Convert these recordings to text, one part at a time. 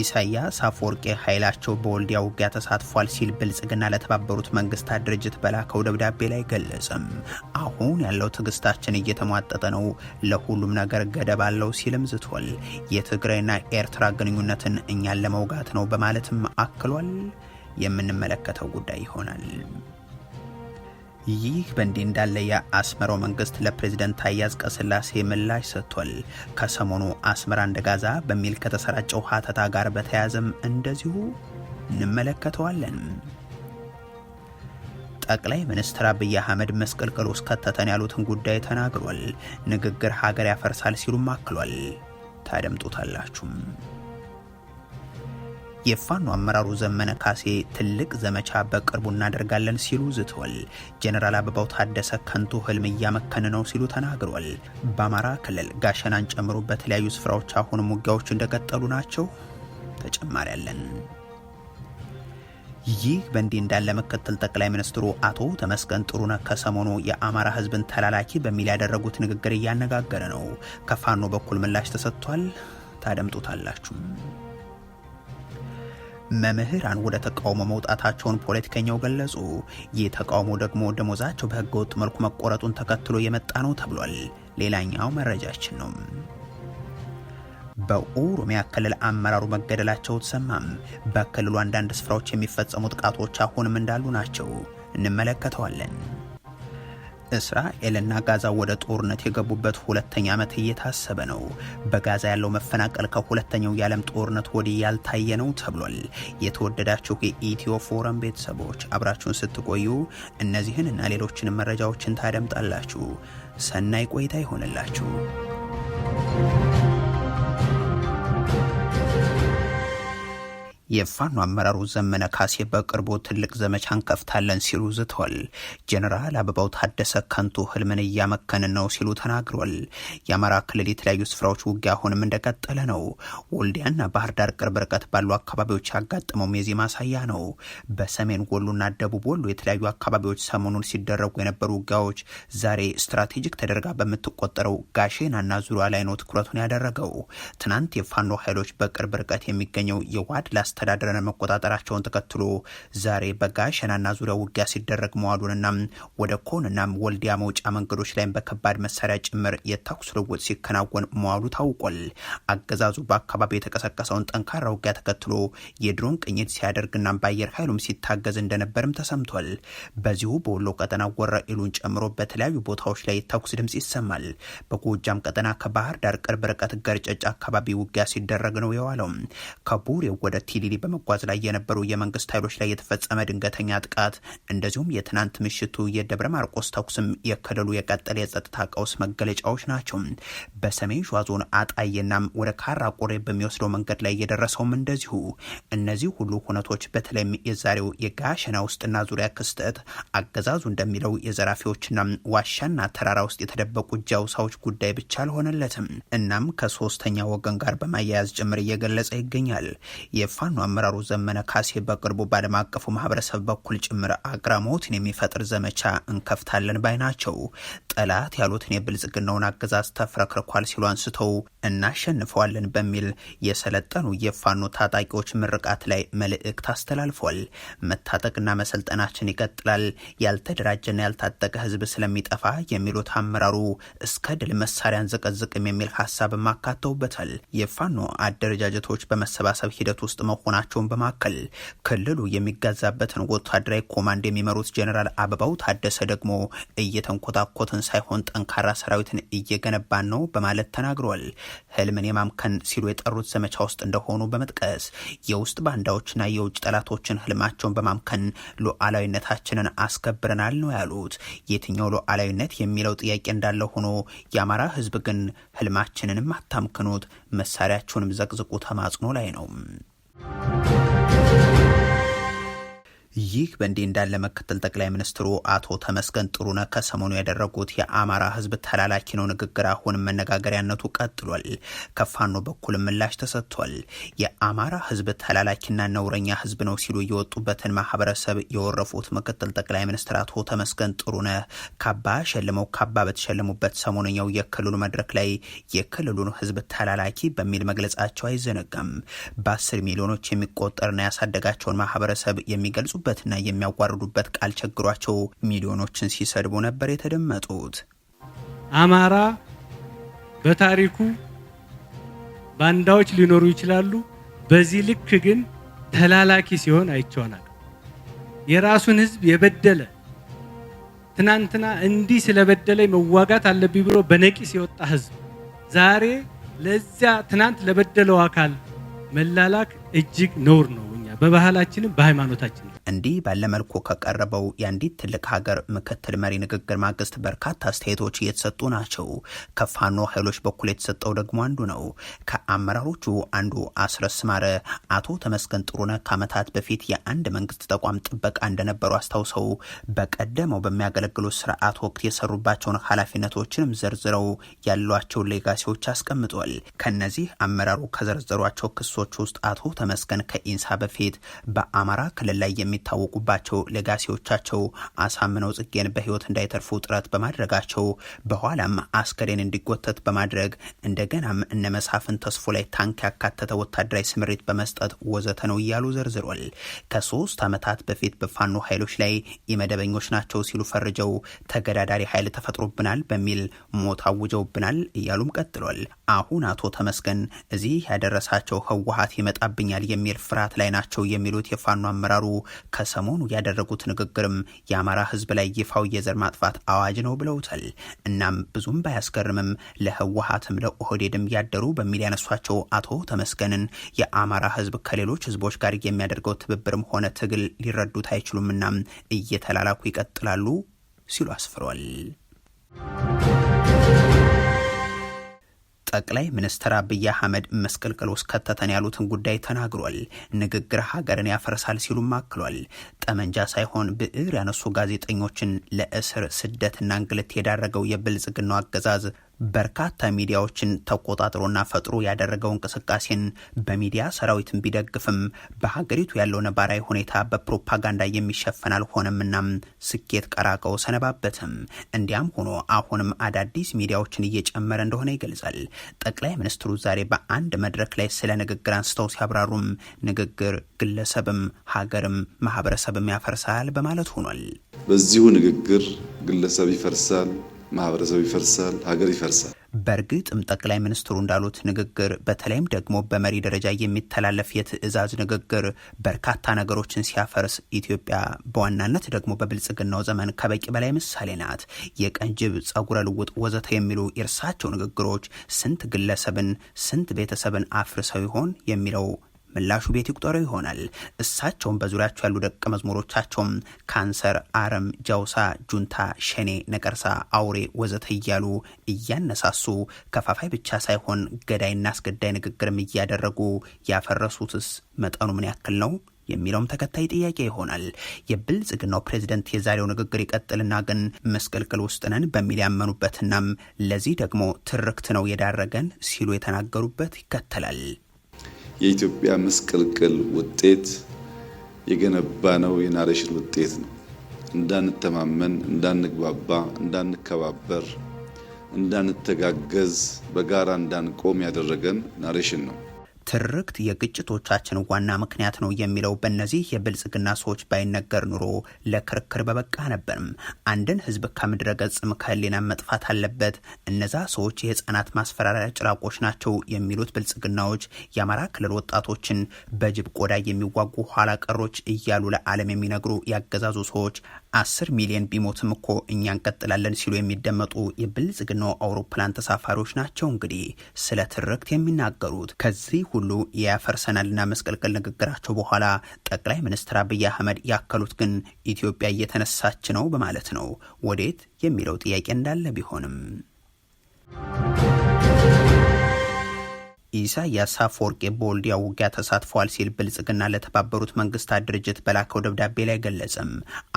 ኢሳያስ አፈወርቄ ኃይላቸው በወልዲያ ውጊያ ተሳትፏል ሲል ብልጽግና ለተባበሩት መንግስታት ድርጅት በላከው ደብዳቤ ላይ ገለጸም። አሁን ያለው ትዕግስታችን እየተሟጠጠ ነው፣ ለሁሉም ነገር ገደብ አለው ሲልም ዝቷል። የትግራይና ኤርትራ ግንኙነትን እኛን ለመውጋት ነው በማለትም አክሏል። የምንመለከተው ጉዳይ ይሆናል። ይህ በእንዲህ እንዳለ የአስመራው መንግስት ለፕሬዝደንት ታዬ አጽቀሥላሴ ምላሽ ሰጥቷል። ከሰሞኑ አስመራ እንደ ጋዛ በሚል ከተሰራጨው ሀተታ ጋር በተያያዘም እንደዚሁ እንመለከተዋለን። ጠቅላይ ሚኒስትር አብይ አህመድ መስቀልቅል ውስጥ ከተተን ያሉትን ጉዳይ ተናግሯል። ንግግር ሀገር ያፈርሳል ሲሉም አክሏል። ታደምጡታላችሁም። የፋኖ አመራሩ ዘመነ ካሴ ትልቅ ዘመቻ በቅርቡ እናደርጋለን ሲሉ ዝቷል። ጀነራል አበባው ታደሰ ከንቱ ህልም እያመከን ነው ሲሉ ተናግሯል። በአማራ ክልል ጋሸናን ጨምሮ በተለያዩ ስፍራዎች አሁንም ውጊያዎች እንደቀጠሉ ናቸው። ተጨማሪ ያለን ይህ በእንዲህ እንዳለ ምክትል ጠቅላይ ሚኒስትሩ አቶ ተመስገን ጥሩነህ ከሰሞኑ የአማራ ህዝብን ተላላኪ በሚል ያደረጉት ንግግር እያነጋገረ ነው። ከፋኖ በኩል ምላሽ ተሰጥቷል። ታደምጡታላችሁ። መምህራን ወደ ተቃውሞ መውጣታቸውን ፖለቲከኛው ገለጹ። ይህ ተቃውሞ ደግሞ ደሞዛቸው በህገወጥ መልኩ መቆረጡን ተከትሎ የመጣ ነው ተብሏል። ሌላኛው መረጃችን ነው። በኦሮሚያ ክልል አመራሩ መገደላቸው ተሰማም። በክልሉ አንዳንድ ስፍራዎች የሚፈጸሙ ጥቃቶች አሁንም እንዳሉ ናቸው፣ እንመለከተዋለን። እስራኤልና ጋዛ ወደ ጦርነት የገቡበት ሁለተኛ ዓመት እየታሰበ ነው። በጋዛ ያለው መፈናቀል ከሁለተኛው የዓለም ጦርነት ወዲህ ያልታየ ነው ተብሏል። የተወደዳችሁ የኢትዮ ፎረም ቤተሰቦች አብራችሁን ስትቆዩ እነዚህን እና ሌሎችንም መረጃዎችን ታደምጣላችሁ። ሰናይ ቆይታ ይሆንላችሁ። የፋኖ አመራሩ ዘመነ ካሴ በቅርቡ ትልቅ ዘመቻ እንከፍታለን ሲሉ ዝቷል። ጀኔራል አበባው ታደሰ ከንቱ ህልምን እያመከንን ነው ሲሉ ተናግሯል። የአማራ ክልል የተለያዩ ስፍራዎች ውጊያ አሁንም እንደቀጠለ ነው። ወልዲያና ባህር ዳር ቅርብ ርቀት ባሉ አካባቢዎች ያጋጠመውም የዚህ ማሳያ ነው። በሰሜን ወሎና ደቡብ ወሎ የተለያዩ አካባቢዎች ሰሞኑን ሲደረጉ የነበሩ ውጊያዎች ዛሬ ስትራቴጂክ ተደርጋ በምትቆጠረው ጋሼናና ዙሪያ ላይ ነው ትኩረቱን ያደረገው። ትናንት የፋኖ ኃይሎች በቅርብ ርቀት የሚገኘው የዋድ ላስታ አስተዳደርን መቆጣጠራቸውን ተከትሎ ዛሬ በጋሸናና ዙሪያ ውጊያ ሲደረግ መዋሉንና ወደ ኮንና ወልዲያ መውጫ መንገዶች ላይም በከባድ መሳሪያ ጭምር የተኩስ ልውውጥ ሲከናወን መዋሉ ታውቋል። አገዛዙ በአካባቢው የተቀሰቀሰውን ጠንካራ ውጊያ ተከትሎ የድሮን ቅኝት ሲያደርግና በአየር ኃይሉም ሲታገዝ እንደነበርም ተሰምቷል። በዚሁ በወሎ ቀጠና ወራ ኢሉን ጨምሮ በተለያዩ ቦታዎች ላይ የተኩስ ድምጽ ይሰማል። በጎጃም ቀጠና ከባህር ዳር ቅርብ ርቀት ገርጨጫ አካባቢ ውጊያ ሲደረግ ነው የዋለው። ከቡሬ ወደ ቲሊ ፋሚሊ በመጓዝ ላይ የነበሩ የመንግስት ኃይሎች ላይ የተፈጸመ ድንገተኛ ጥቃት እንደዚሁም የትናንት ምሽቱ የደብረ ማርቆስ ተኩስም የክልሉ የቀጠለ የጸጥታ ቀውስ መገለጫዎች ናቸው። በሰሜን ሸዋ ዞን አጣዬናም ወደ ካራ ቆሬ በሚወስደው መንገድ ላይ የደረሰውም እንደዚሁ። እነዚህ ሁሉ ሁነቶች በተለይም የዛሬው የጋሸና ውስጥና ዙሪያ ክስተት አገዛዙ እንደሚለው የዘራፊዎችና ዋሻና ተራራ ውስጥ የተደበቁ ጃውሳዎች ጉዳይ ብቻ አልሆነለትም። እናም ከሶስተኛ ወገን ጋር በማያያዝ ጭምር እየገለጸ ይገኛል። የፋ የፋኖ አመራሩ ዘመነ ካሴ በቅርቡ በዓለም አቀፉ ማህበረሰብ በኩል ጭምር አግራሞትን የሚፈጥር ዘመቻ እንከፍታለን ባይ ናቸው። ጠላት ያሉትን የብልጽግናውን አገዛዝ ተፍረክርኳል ሲሉ አንስተው እናሸንፈዋለን በሚል የሰለጠኑ የፋኖ ታጣቂዎች ምርቃት ላይ መልእክት አስተላልፏል። መታጠቅና መሰልጠናችን ይቀጥላል፣ ያልተደራጀና ያልታጠቀ ህዝብ ስለሚጠፋ የሚሉት አመራሩ እስከ ድል መሳሪያ አንዘቀዝቅም የሚል ሀሳብም አካተውበታል። የፋኖ አደረጃጀቶች በመሰባሰብ ሂደት ውስጥ መሆ መሆናቸውን በማከል ክልሉ የሚገዛበትን ወታደራዊ ኮማንድ የሚመሩት ጀኔራል አበባው ታደሰ ደግሞ እየተንኮታኮትን ሳይሆን ጠንካራ ሰራዊትን እየገነባን ነው በማለት ተናግሯል። ህልምን የማምከን ሲሉ የጠሩት ዘመቻ ውስጥ እንደሆኑ በመጥቀስ የውስጥ ባንዳዎችና የውጭ ጠላቶችን ህልማቸውን በማምከን ሉዓላዊነታችንን አስከብረናል ነው ያሉት። የትኛው ሉዓላዊነት የሚለው ጥያቄ እንዳለ ሆኖ የአማራ ህዝብ ግን ህልማችንንም አታምክኑት፣ መሳሪያችሁንም ዘቅዝቁ ተማጽኖ ላይ ነው። ይህ በእንዲህ እንዳለ ምክትል ጠቅላይ ሚኒስትሩ አቶ ተመስገን ጥሩነህ ከሰሞኑ ያደረጉት የአማራ ህዝብ ተላላኪ ነው ንግግር አሁን መነጋገሪያነቱ ቀጥሏል። ከፋኖ በኩል ምላሽ ተሰጥቷል። የአማራ ህዝብ ተላላኪና ነውረኛ ህዝብ ነው ሲሉ የወጡበትን ማህበረሰብ የወረፉት ምክትል ጠቅላይ ሚኒስትር አቶ ተመስገን ጥሩነህ ካባ ሸልመው ካባ በተሸለሙበት ሰሞነኛው የክልሉ መድረክ ላይ የክልሉን ህዝብ ተላላኪ በሚል መግለጻቸው አይዘነጋም። በአስር ሚሊዮኖች የሚቆጠርና ያሳደጋቸውን ማህበረሰብ የሚገልጹ የሚከሱበትና የሚያዋርዱበት ቃል ቸግሯቸው ሚሊዮኖችን ሲሰድቡ ነበር የተደመጡት። አማራ በታሪኩ ባንዳዎች ሊኖሩ ይችላሉ። በዚህ ልክ ግን ተላላኪ ሲሆን አይቸዋናል። የራሱን ህዝብ የበደለ ትናንትና እንዲህ ስለበደለ መዋጋት አለብኝ ብሎ በነቂስ የወጣ ህዝብ ዛሬ ለዚያ ትናንት ለበደለው አካል መላላክ እጅግ ነውር ነው። እኛ በባህላችንም በሃይማኖታችን እንዲህ ባለመልኩ ከቀረበው የአንዲት ትልቅ ሀገር ምክትል መሪ ንግግር ማግስት በርካታ አስተያየቶች እየተሰጡ ናቸው። ከፋኖ ኃይሎች በኩል የተሰጠው ደግሞ አንዱ ነው። ከአመራሮቹ አንዱ አስረስ ማረ አቶ ተመስገን ጥሩነ ከአመታት በፊት የአንድ መንግስት ተቋም ጥበቃ እንደነበሩ አስታውሰው በቀደመው በሚያገለግሉ ስርዓት ወቅት የሰሩባቸውን ኃላፊነቶችንም ዘርዝረው ያሏቸውን ሌጋሲዎች አስቀምጧል። ከነዚህ አመራሩ ከዘረዘሯቸው ክሶች ውስጥ አቶ ተመስገን ከኢንሳ በፊት በአማራ ክልል ላይ የሚታወቁባቸው ለጋሲዎቻቸው አሳምነው ጽጌን በህይወት እንዳይተርፉ ጥረት በማድረጋቸው በኋላም አስከሬን እንዲጎተት በማድረግ እንደገናም እነ መሳፍን ተስፎ ላይ ታንክ ያካተተ ወታደራዊ ስምሪት በመስጠት ወዘተ ነው እያሉ ዘርዝሯል። ከሶስት ዓመታት በፊት በፋኖ ኃይሎች ላይ የመደበኞች ናቸው ሲሉ ፈርጀው ተገዳዳሪ ኃይል ተፈጥሮብናል በሚል ሞት አውጀውብናል እያሉም ቀጥሏል። አሁን አቶ ተመስገን እዚህ ያደረሳቸው ህወሀት ይመጣብኛል የሚል ፍርሃት ላይ ናቸው የሚሉት የፋኖ አመራሩ ከሰሞኑ ያደረጉት ንግግርም የአማራ ህዝብ ላይ ይፋው የዘር ማጥፋት አዋጅ ነው ብለውታል። እናም ብዙም ባያስገርምም ለህወሀትም ለኦህዴድም ያደሩ በሚል ያነሷቸው አቶ ተመስገንን የአማራ ህዝብ ከሌሎች ህዝቦች ጋር የሚያደርገው ትብብርም ሆነ ትግል ሊረዱት አይችሉምና እየተላላኩ ይቀጥላሉ ሲሉ አስፍሯል። ጠቅላይ ሚኒስትር አብይ አህመድ መስቀልቅል ውስጥ ከተተን ያሉትን ጉዳይ ተናግሯል። ንግግር ሀገርን ያፈርሳል ሲሉም አክሏል። ጠመንጃ ሳይሆን ብዕር ያነሱ ጋዜጠኞችን ለእስር ስደትና እንግልት የዳረገው የብልጽግናው አገዛዝ በርካታ ሚዲያዎችን ተቆጣጥሮና ፈጥሮ ያደረገው እንቅስቃሴን በሚዲያ ሰራዊትን ቢደግፍም በሀገሪቱ ያለው ነባራዊ ሁኔታ በፕሮፓጋንዳ የሚሸፈን አልሆነምና ስኬት ቀራቀው ሰነባበትም። እንዲያም ሆኖ አሁንም አዳዲስ ሚዲያዎችን እየጨመረ እንደሆነ ይገልጻል። ጠቅላይ ሚኒስትሩ ዛሬ በአንድ መድረክ ላይ ስለ ንግግር አንስተው ሲያብራሩም ንግግር ግለሰብም ሀገርም ማህበረሰብም ያፈርሳል በማለት ሆኗል። በዚሁ ንግግር ግለሰብ ይፈርሳል ማህበረሰቡ ይፈርሳል፣ ሀገር ይፈርሳል። በእርግጥም ጠቅላይ ሚኒስትሩ እንዳሉት ንግግር በተለይም ደግሞ በመሪ ደረጃ የሚተላለፍ የትዕዛዝ ንግግር በርካታ ነገሮችን ሲያፈርስ፣ ኢትዮጵያ በዋናነት ደግሞ በብልጽግናው ዘመን ከበቂ በላይ ምሳሌ ናት። የቀንጅብ ጸጉረ ልውጥ ወዘተ የሚሉ የእርሳቸው ንግግሮች ስንት ግለሰብን ስንት ቤተሰብን አፍርሰው ይሆን የሚለው ምላሹ ቤት ይቁጠረው ይሆናል። እሳቸውም በዙሪያቸው ያሉ ደቀ መዝሙሮቻቸውም ካንሰር፣ አረም፣ ጃውሳ፣ ጁንታ፣ ሸኔ፣ ነቀርሳ፣ አውሬ ወዘተ እያሉ እያነሳሱ ከፋፋይ ብቻ ሳይሆን ገዳይና አስገዳይ ንግግርም እያደረጉ ያፈረሱትስ መጠኑ ምን ያክል ነው የሚለውም ተከታይ ጥያቄ ይሆናል። የብልጽግናው ፕሬዚደንት የዛሬው ንግግር ይቀጥልና ግን መስቀልቅል ውስጥ ነን በሚል ያመኑበትናም ለዚህ ደግሞ ትርክት ነው የዳረገን ሲሉ የተናገሩበት ይከተላል። የኢትዮጵያ ምስቅልቅል ውጤት የገነባ ነው የናሬሽን ውጤት ነው። እንዳንተማመን፣ እንዳንግባባ፣ እንዳንከባበር፣ እንዳንተጋገዝ፣ በጋራ እንዳንቆም ያደረገን ናሬሽን ነው። ትርክት የግጭቶቻችን ዋና ምክንያት ነው የሚለው በእነዚህ የብልጽግና ሰዎች ባይነገር ኑሮ ለክርክር በበቃ ነበርም። አንድን ህዝብ ከምድረ ገጽም ከህሊና መጥፋት አለበት። እነዛ ሰዎች የህፃናት ማስፈራሪያ ጭራቆች ናቸው የሚሉት ብልጽግናዎች የአማራ ክልል ወጣቶችን በጅብ ቆዳ የሚዋጉ ኋላ ቀሮች እያሉ ለዓለም የሚነግሩ ያገዛዙ ሰዎች አስር ሚሊዮን ቢሞትም እኮ እኛ እንቀጥላለን ሲሉ የሚደመጡ የብልጽግናው አውሮፕላን ተሳፋሪዎች ናቸው። እንግዲህ ስለ ትርክት የሚናገሩት ከዚህ ሁሉ የያፈርሰናልና መስቀልቀል ንግግራቸው በኋላ ጠቅላይ ሚኒስትር አብይ አህመድ ያከሉት ግን ኢትዮጵያ እየተነሳች ነው በማለት ነው። ወዴት የሚለው ጥያቄ እንዳለ ቢሆንም ኢሳያስ አፈወርቂ በወልዲያ ውጊያ ተሳትፏል ሲል ብልጽግና ለተባበሩት መንግስታት ድርጅት በላከው ደብዳቤ ላይ ገለጽም።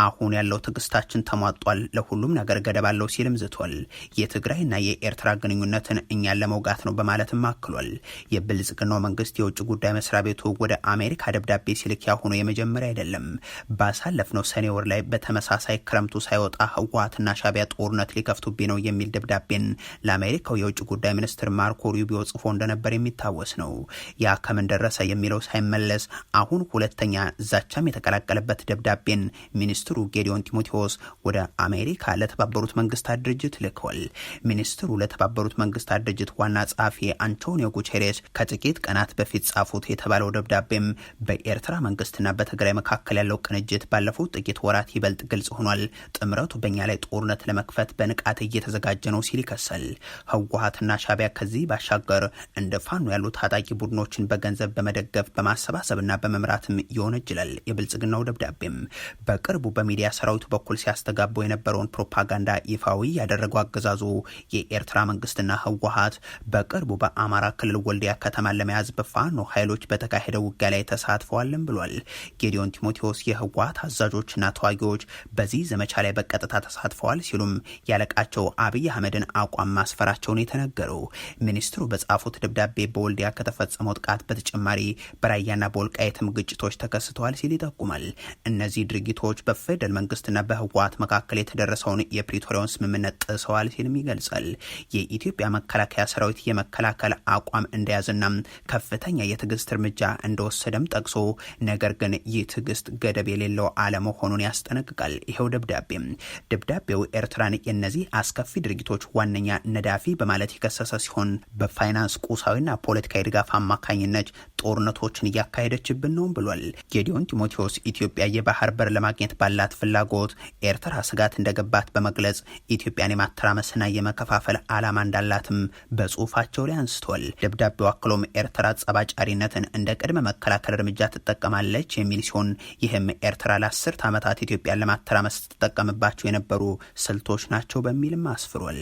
አሁን ያለው ትዕግስታችን ተሟጧል፣ ለሁሉም ነገር ገደብ አለው ሲልም ዝቷል። የትግራይና የኤርትራ ግንኙነትን እኛን ለመውጋት ነው በማለትም አክሏል። የብልጽግናው መንግስት የውጭ ጉዳይ መስሪያ ቤቱ ወደ አሜሪካ ደብዳቤ ሲልክ ያሁኑ የመጀመሪያ አይደለም። ባሳለፍነው ሰኔ ወር ላይ በተመሳሳይ ክረምቱ ሳይወጣ ህወሀትና ሻቢያ ጦርነት ሊከፍቱብኝ ነው የሚል ደብዳቤን ለአሜሪካው የውጭ ጉዳይ ሚኒስትር ማርኮ ሩቢዮ ጽፎ እንደነበር የሚታወስ ነው። ያ ከምን ደረሰ የሚለው ሳይመለስ አሁን ሁለተኛ ዛቻም የተቀላቀለበት ደብዳቤን ሚኒስትሩ ጌዲዮን ጢሞቴዎስ ወደ አሜሪካ ለተባበሩት መንግስታት ድርጅት ልከዋል። ሚኒስትሩ ለተባበሩት መንግስታት ድርጅት ዋና ጸሐፊ አንቶኒዮ ጉቴሬስ ከጥቂት ቀናት በፊት ጻፉት የተባለው ደብዳቤም በኤርትራ መንግስትና በትግራይ መካከል ያለው ቅንጅት ባለፉት ጥቂት ወራት ይበልጥ ግልጽ ሆኗል። ጥምረቱ በእኛ ላይ ጦርነት ለመክፈት በንቃት እየተዘጋጀ ነው ሲል ይከሳል። ህወሀትና ሻቢያ ከዚህ ባሻገር እንደ በፋኖ ያሉ ታጣቂ ቡድኖችን በገንዘብ በመደገፍ በማሰባሰብና በመምራትም ይወነጅላል። የብልጽግናው ደብዳቤም በቅርቡ በሚዲያ ሰራዊቱ በኩል ሲያስተጋቡ የነበረውን ፕሮፓጋንዳ ይፋዊ ያደረገው አገዛዙ የኤርትራ መንግስትና ህወሀት በቅርቡ በአማራ ክልል ወልዲያ ከተማን ለመያዝ በፋኖ ኃይሎች በተካሄደው ውጊያ ላይ ተሳትፈዋልም ብሏል። ጌዲዮን ቲሞቴዎስ የህወሀት አዛዦችና ተዋጊዎች በዚህ ዘመቻ ላይ በቀጥታ ተሳትፈዋል ሲሉም ያለቃቸው አብይ አህመድን አቋም ማስፈራቸውን የተነገረው ሚኒስትሩ በጻፉት ደብዳቤ በወልዲያ ከተፈጸመው ጥቃት በተጨማሪ በራያና በወልቃየትም ግጭቶች ተከስተዋል ሲል ይጠቁማል። እነዚህ ድርጊቶች በፌደራል መንግስትና በህወሓት መካከል የተደረሰውን የፕሪቶሪያውን ስምምነት ጥሰዋል ሲልም ይገልጻል። የኢትዮጵያ መከላከያ ሰራዊት የመከላከል አቋም እንደያዝና ከፍተኛ የትዕግስት እርምጃ እንደወሰደም ጠቅሶ ነገር ግን ይህ ትዕግስት ገደብ የሌለው አለመሆኑን ያስጠነቅቃል። ይኸው ደብዳቤ ደብዳቤው ኤርትራን የእነዚህ አስከፊ ድርጊቶች ዋነኛ ነዳፊ በማለት የከሰሰ ሲሆን በፋይናንስ ቁሳዊና ፖለቲካዊ ድጋፍ አማካኝነት ጦርነቶችን እያካሄደችብን ነው ብሏል። ጌዲዮን ቲሞቴዎስ ኢትዮጵያ የባህር በር ለማግኘት ባላት ፍላጎት ኤርትራ ስጋት እንደገባት በመግለጽ ኢትዮጵያን የማተራመስና የመከፋፈል ዓላማ እንዳላትም በጽሁፋቸው ላይ አንስቷል። ደብዳቤው አክሎም ኤርትራ ጸባጫሪነትን እንደ ቅድመ መከላከል እርምጃ ትጠቀማለች የሚል ሲሆን ይህም ኤርትራ ለአስርት ዓመታት ኢትዮጵያን ለማተራመስ ስትጠቀምባቸው የነበሩ ስልቶች ናቸው በሚልም አስፍሯል።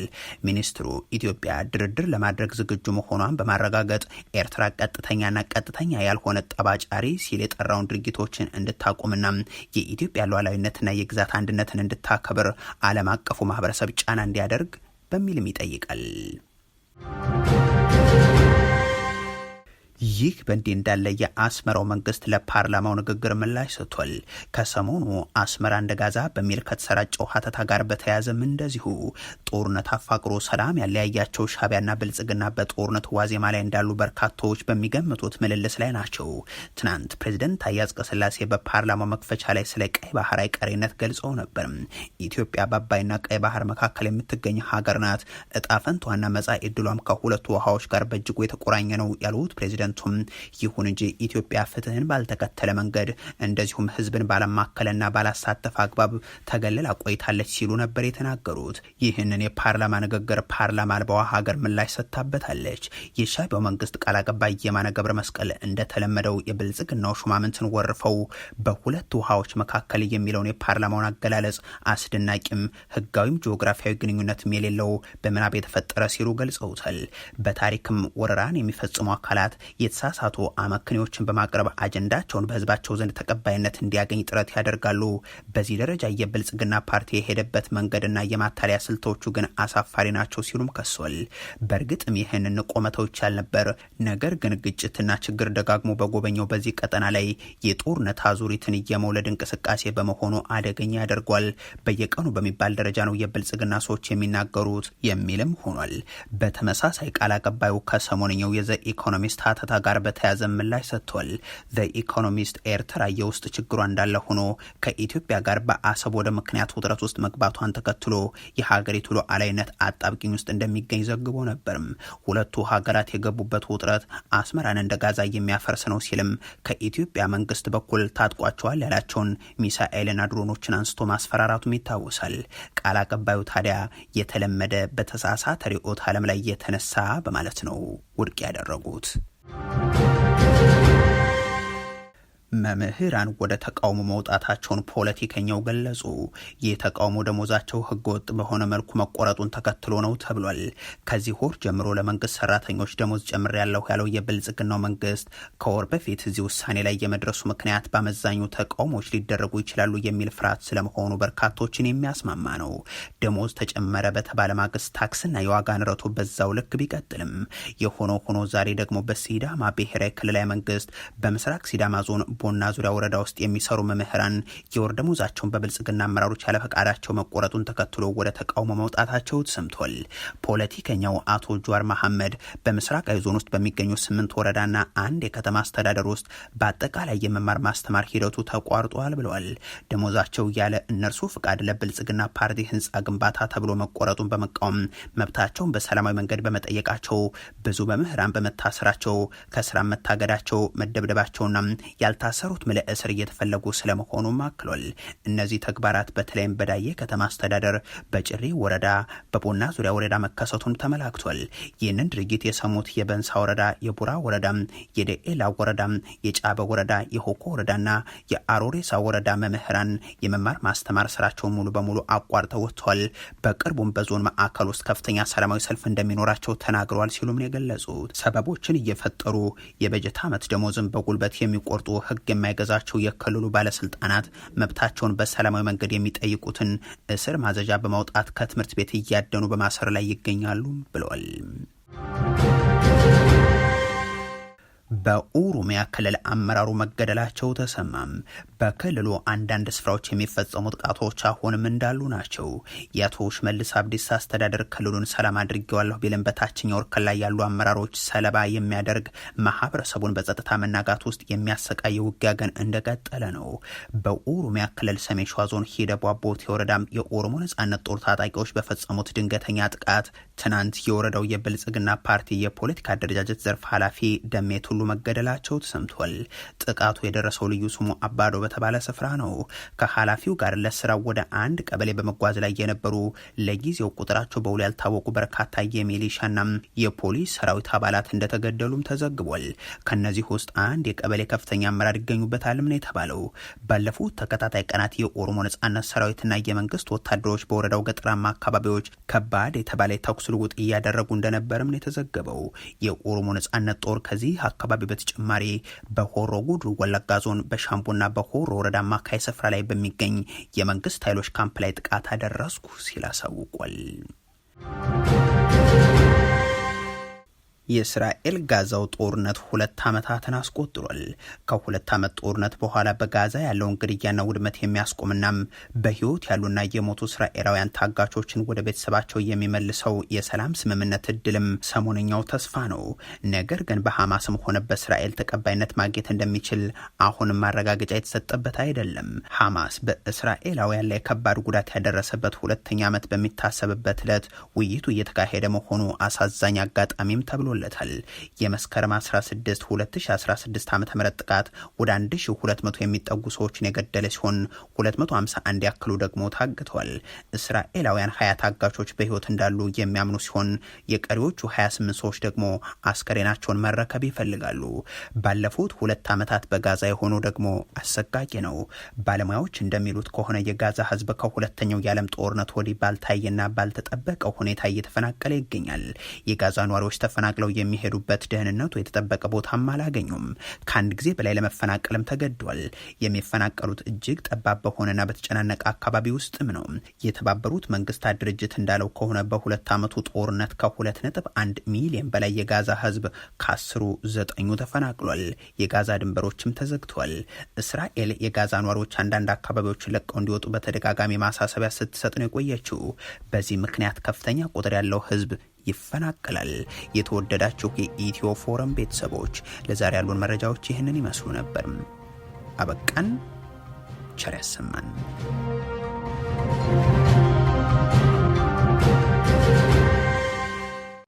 ሚኒስትሩ ኢትዮጵያ ድርድር ለማድረግ ዝግጁ መሆኗን በማረጋ ማረጋገጥ ኤርትራ ቀጥተኛና ቀጥተኛ ያልሆነ ጠባጫሪ ሲል የጠራውን ድርጊቶችን እንድታቆምና የኢትዮጵያ ሉዓላዊነትና የግዛት አንድነትን እንድታከብር ዓለም አቀፉ ማህበረሰብ ጫና እንዲያደርግ በሚልም ይጠይቃል። ይህ በእንዲህ እንዳለ የአስመራው መንግስት ለፓርላማው ንግግር ምላሽ ሰጥቷል። ከሰሞኑ አስመራ እንደ ጋዛ በሚል ከተሰራጨው ሀተታ ጋር በተያያዘም እንደዚሁ ጦርነት አፋቅሮ ሰላም ያለያያቸው ሻቢያና ብልጽግና በጦርነት ዋዜማ ላይ እንዳሉ በርካታዎች በሚገምቱት ምልልስ ላይ ናቸው። ትናንት ፕሬዚደንት ታዬ አጽቀሥላሴ በፓርላማው መክፈቻ ላይ ስለ ቀይ ባህር አይቀሬነት ገልጸው ነበር። ኢትዮጵያ በአባይና ቀይ ባህር መካከል የምትገኝ ሀገር ናት። እጣ ፈንታዋና መጻኢ ዕድሏም ከሁለቱ ውሃዎች ጋር በእጅጉ የተቆራኘ ነው ያሉት ፕሬዚደንት ፕሬዝደንቱም። ይሁን እንጂ ኢትዮጵያ ፍትህን ባልተከተለ መንገድ እንደዚሁም ህዝብን ባለማከለና ባላሳተፈ አግባብ ተገልላ ቆይታለች ሲሉ ነበር የተናገሩት። ይህንን የፓርላማ ንግግር ፓርላማ አልባዋ ሀገር ምላሽ ሰጥታበታለች። የሻቢያው መንግስት ቃል አቀባይ የማነ ገብረ መስቀል እንደተለመደው የብልጽግናው ሹማምንትን ወርፈው በሁለት ውሃዎች መካከል የሚለውን የፓርላማውን አገላለጽ አስደናቂም ህጋዊም ጂኦግራፊያዊ ግንኙነትም የሌለው በምናብ የተፈጠረ ሲሉ ገልጸውታል። በታሪክም ወረራን የሚፈጽሙ አካላት የተሳሳቱ አመክንዮችን በማቅረብ አጀንዳቸውን በህዝባቸው ዘንድ ተቀባይነት እንዲያገኝ ጥረት ያደርጋሉ። በዚህ ደረጃ የብልጽግና ፓርቲ የሄደበት መንገድና የማታለያ ስልቶቹ ግን አሳፋሪ ናቸው ሲሉም ከሷል። በእርግጥም ይህንን ቆመተዎች ያልነበር ነገር ግን ግጭትና ችግር ደጋግሞ በጎበኘው በዚህ ቀጠና ላይ የጦርነት አዙሪትን የመውለድ እንቅስቃሴ በመሆኑ አደገኛ ያደርጓል። በየቀኑ በሚባል ደረጃ ነው የብልጽግና ሰዎች የሚናገሩት የሚልም ሆኗል። በተመሳሳይ ቃል አቀባዩ ከሰሞንኛው የዘ ኢኮኖሚስት ሀተታ እርዳታ ጋር በተያዘ ምላሽ ሰጥቷል። ኢኮኖሚስት ኤርትራ የውስጥ ችግሯ እንዳለ ሆኖ ከኢትዮጵያ ጋር በአሰብ ወደ ምክንያት ውጥረት ውስጥ መግባቷን ተከትሎ የሀገሪቱ ሉዓላዊነት አጣብቂኝ ውስጥ እንደሚገኝ ዘግቦ ነበርም። ሁለቱ ሀገራት የገቡበት ውጥረት አስመራን እንደ ጋዛ የሚያፈርስ ነው ሲልም ከኢትዮጵያ መንግስት በኩል ታጥቋቸዋል ያላቸውን ሚሳኤልና ድሮኖችን አንስቶ ማስፈራራቱም ይታወሳል። ቃል አቀባዩ ታዲያ የተለመደ በተሳሳተ ርዕዮተ ዓለም ላይ የተነሳ በማለት ነው ውድቅ ያደረጉት። Bye. መምህራን ወደ ተቃውሞ መውጣታቸውን ፖለቲከኛው ገለጹ። ይህ ተቃውሞ ደሞዛቸው ህገወጥ በሆነ መልኩ መቆረጡን ተከትሎ ነው ተብሏል። ከዚህ ወር ጀምሮ ለመንግስት ሰራተኞች ደሞዝ ጨምር ያለው ያለው የብልጽግናው መንግስት ከወር በፊት እዚህ ውሳኔ ላይ የመድረሱ ምክንያት በአመዛኙ ተቃውሞዎች ሊደረጉ ይችላሉ የሚል ፍርሃት ስለመሆኑ በርካቶችን የሚያስማማ ነው። ደሞዝ ተጨመረ በተባለ ማግስት ታክስና የዋጋ ንረቱ በዛው ልክ ቢቀጥልም የሆነ ሆኖ ዛሬ ደግሞ በሲዳማ ብሔራዊ ክልላዊ መንግስት በምስራቅ ሲዳማ ዞን ቦና ዙሪያ ወረዳ ውስጥ የሚሰሩ መምህራን የወር ደመወዛቸውን በብልጽግና አመራሮች ያለፈቃዳቸው መቆረጡን ተከትሎ ወደ ተቃውሞ መውጣታቸው ተሰምቷል። ፖለቲከኛው አቶ ጀዋር መሐመድ በምስራቃዊ ዞን ውስጥ በሚገኙ ስምንት ወረዳና አንድ የከተማ አስተዳደር ውስጥ በአጠቃላይ የመማር ማስተማር ሂደቱ ተቋርጧል ብለዋል። ደሞዛቸው ያለ እነርሱ ፍቃድ ለብልጽግና ፓርቲ ህንፃ ግንባታ ተብሎ መቆረጡን በመቃወም መብታቸውን በሰላማዊ መንገድ በመጠየቃቸው ብዙ መምህራን በመታሰራቸው ከስራ መታገዳቸው መደብደባቸውና ያልታ በታሰሩት ምለ እየተፈለጉ ስለመሆኑም አክሏል። እነዚህ ተግባራት በተለይም በዳዬ ከተማ አስተዳደር፣ በጭሬ ወረዳ፣ በቦና ዙሪያ ወረዳ መከሰቱን ተመላክቷል። ይህንን ድርጊት የሰሙት የበንሳ ወረዳ፣ የቡራ ወረዳ፣ የደኤላ ወረዳ፣ የጫበ ወረዳ፣ የሆኮ ወረዳና የአሮሬሳ ወረዳ መምህራን የመማር ማስተማር ስራቸውን ሙሉ በሙሉ አቋርጠው ወጥተዋል። በቅርቡም በዞን ማዕከል ውስጥ ከፍተኛ ሰላማዊ ሰልፍ እንደሚኖራቸው ተናግረዋል ሲሉም ነው የገለጹት። ሰበቦችን እየፈጠሩ የበጀት ዓመት ደሞዝን በጉልበት የሚቆርጡ ህግ የማይገዛቸው የክልሉ ባለስልጣናት መብታቸውን በሰላማዊ መንገድ የሚጠይቁትን እስር ማዘዣ በማውጣት ከትምህርት ቤት እያደኑ በማሰር ላይ ይገኛሉ ብለዋል። በኦሮሚያ ክልል አመራሩ መገደላቸው ተሰማም። በክልሉ አንዳንድ ስፍራዎች የሚፈጸሙ ጥቃቶች አሁንም እንዳሉ ናቸው። የአቶ ሽመልስ አብዲሳ አስተዳደር ክልሉን ሰላም አድርጌዋለሁ ቢልም በታችኛው እርከን ላይ ያሉ አመራሮች ሰለባ የሚያደርግ ማህበረሰቡን በጸጥታ መናጋት ውስጥ የሚያሰቃይ ውጊያ ግን እንደቀጠለ ነው። በኦሮሚያ ክልል ሰሜን ሸዋ ዞን ሂደቡ አቦቴ ወረዳም የኦሮሞ ነጻነት ጦር ታጣቂዎች በፈጸሙት ድንገተኛ ጥቃት ትናንት የወረዳው የብልጽግና ፓርቲ የፖለቲካ አደረጃጀት ዘርፍ ኃላፊ ደሜ ቱሉ መገደላቸው ተሰምቷል። ጥቃቱ የደረሰው ልዩ ስሙ አባዶ በተባለ ስፍራ ነው። ከኃላፊው ጋር ለስራው ወደ አንድ ቀበሌ በመጓዝ ላይ የነበሩ ለጊዜው ቁጥራቸው በውል ያልታወቁ በርካታ የሚሊሻና የፖሊስ ሰራዊት አባላት እንደተገደሉም ተዘግቧል። ከነዚህ ውስጥ አንድ የቀበሌ ከፍተኛ አመራር ይገኙበታልም ነው የተባለው። ባለፉት ተከታታይ ቀናት የኦሮሞ ነጻነት ሰራዊትና የመንግስት ወታደሮች በወረዳው ገጠራማ አካባቢዎች ከባድ የተባለ የተኩስ ልውውጥ እያደረጉ እንደነበርም ነው የተዘገበው። የኦሮሞ ነጻነት ጦር ከዚህ አካባቢ በተጨማሪ በሆሮ ጉድሩ ወለጋ ዞን በሻምቡና በሆሮ ወረዳ አማካይ ስፍራ ላይ በሚገኝ የመንግስት ኃይሎች ካምፕ ላይ ጥቃት አደረስኩ ሲል አሳውቋል። የእስራኤል ጋዛው ጦርነት ሁለት ዓመታትን አስቆጥሯል። ከሁለት ዓመት ጦርነት በኋላ በጋዛ ያለውን ግድያና ውድመት የሚያስቆምና በሕይወት ያሉና የሞቱ እስራኤላውያን ታጋቾችን ወደ ቤተሰባቸው የሚመልሰው የሰላም ስምምነት እድልም ሰሞነኛው ተስፋ ነው። ነገር ግን በሐማስም ሆነ በእስራኤል ተቀባይነት ማግኘት እንደሚችል አሁንም ማረጋገጫ የተሰጠበት አይደለም። ሐማስ በእስራኤላውያን ላይ ከባድ ጉዳት ያደረሰበት ሁለተኛ ዓመት በሚታሰብበት ዕለት ውይይቱ እየተካሄደ መሆኑ አሳዛኝ አጋጣሚም ተብሎ ተገኝቶለታል። የመስከረም 16 2016 ዓ ም ጥቃት ወደ 1200 የሚጠጉ ሰዎችን የገደለ ሲሆን 251 ያክሉ ደግሞ ታግተዋል። እስራኤላውያን 20 ታጋቾች በህይወት እንዳሉ የሚያምኑ ሲሆን የቀሪዎቹ 28 ሰዎች ደግሞ አስከሬናቸውን መረከብ ይፈልጋሉ። ባለፉት ሁለት ዓመታት በጋዛ የሆኑ ደግሞ አሰቃቂ ነው። ባለሙያዎች እንደሚሉት ከሆነ የጋዛ ህዝብ ከሁለተኛው የዓለም ጦርነት ወዲህ ባልታየና ባልተጠበቀው ሁኔታ እየተፈናቀለ ይገኛል። የጋዛ ነዋሪዎች ተፈናቅለ ተፈናቅለው የሚሄዱበት ደህንነቱ የተጠበቀ ቦታም አላገኙም። ከአንድ ጊዜ በላይ ለመፈናቀልም ተገዷል። የሚፈናቀሉት እጅግ ጠባብ በሆነና በተጨናነቀ አካባቢ ውስጥም ነው። የተባበሩት መንግስታት ድርጅት እንዳለው ከሆነ በሁለት ዓመቱ ጦርነት ከሁለት ነጥብ አንድ ሚሊዮን በላይ የጋዛ ህዝብ ከአስሩ ዘጠኙ ተፈናቅሏል። የጋዛ ድንበሮችም ተዘግቷል። እስራኤል የጋዛ ኗሪዎች አንዳንድ አካባቢዎችን ለቀው እንዲወጡ በተደጋጋሚ ማሳሰቢያ ስትሰጥ ነው የቆየችው። በዚህ ምክንያት ከፍተኛ ቁጥር ያለው ህዝብ ይፈናቀላል። የተወደዳችሁ የኢትዮ ፎረም ቤተሰቦች ለዛሬ ያሉን መረጃዎች ይህንን ይመስሉ ነበር። አበቃን። ቸር ያሰማን።